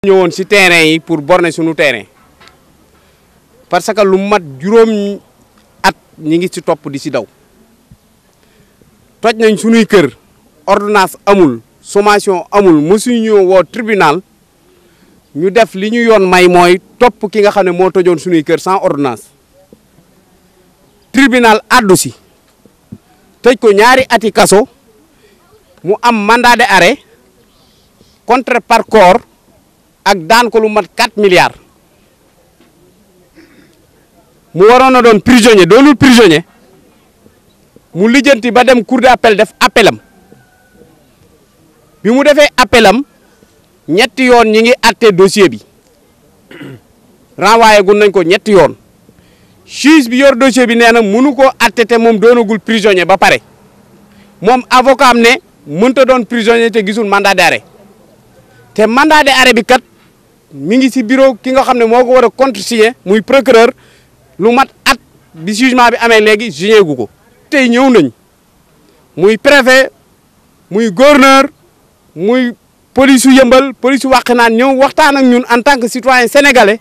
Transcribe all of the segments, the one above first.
ñewon ci terrain yi pour borner suñu terrain parce que lu mat at ñi ngi ci top di ci daw toj nañ suñu kër ordonnance amul sommation amul mësu ñu wo tribunal ñu def li ñu yoon may moy top ki nga xamne mo tojon suñu kër sans ordonnance tribunal addu si tej ko ñaari ati kaso mu am mandat d'arrêt contre par corps ak daan ko lu mat 4 milliards mu warona don doon prisonnier doonul prisonnier mu lijjanti ba dem cour d'appel def appelam bi mu defé appelam ñett yoon ñi ngi atté dossier bi renvoyé gun nañ ko ñett yoon juge bi yor dossier bi nee mënu ko atté te mom doonagul prisonnier ba paré mom avocat am ne mënta don prisonnier té gisul mandat d'arrêt te mandat d'arrêt bi kat mi ngi si bureau ki nga xamne ne wara contre war muy procureur lu mat at bi jugement bi amé légui signé guko tay ñew nañ muy préfet muy gouverneur muy police yu yëmbal police yu wàqinaan ñëw waxtaan ak ñun en tant que citoyen sénégalais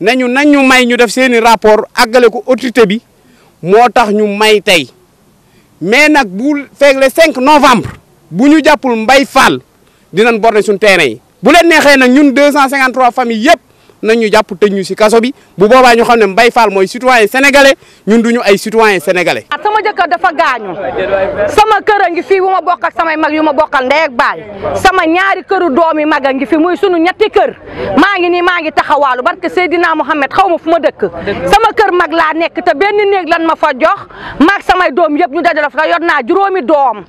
nañu nañu may ñu def seen rapport agalé ko autorité bi motax ñu may tay mais nak bu fek le 5 novembre buñu jappul mbay fall dinañ borné sun terrain bu leen neexee nag ñun cent 253 familles yëpp nañ ñu jàpp tëj ñu si kaso bi bu boobaa ñu xam ne Mbaye Fall mooy citoyen sénégalais ñun duñu ay citoyen sénégalais. Ah, sama jëkkër dafa gaañu sama kër a ngi fii wu ma bokk ak samay mag yu ma bokkal ndey ak baay sama ñaari kër doom yi mag a ngi fi muy sunu ñetti kër maa ngi nii maa ngi taxawaalu barke Seydina Mohamed xaw ma fu ma dëkk sama kër mag laa nekk te benn néeg lan ma fa jox maag samay doom yëpp ñu dajale fa yor naa juróomi doom.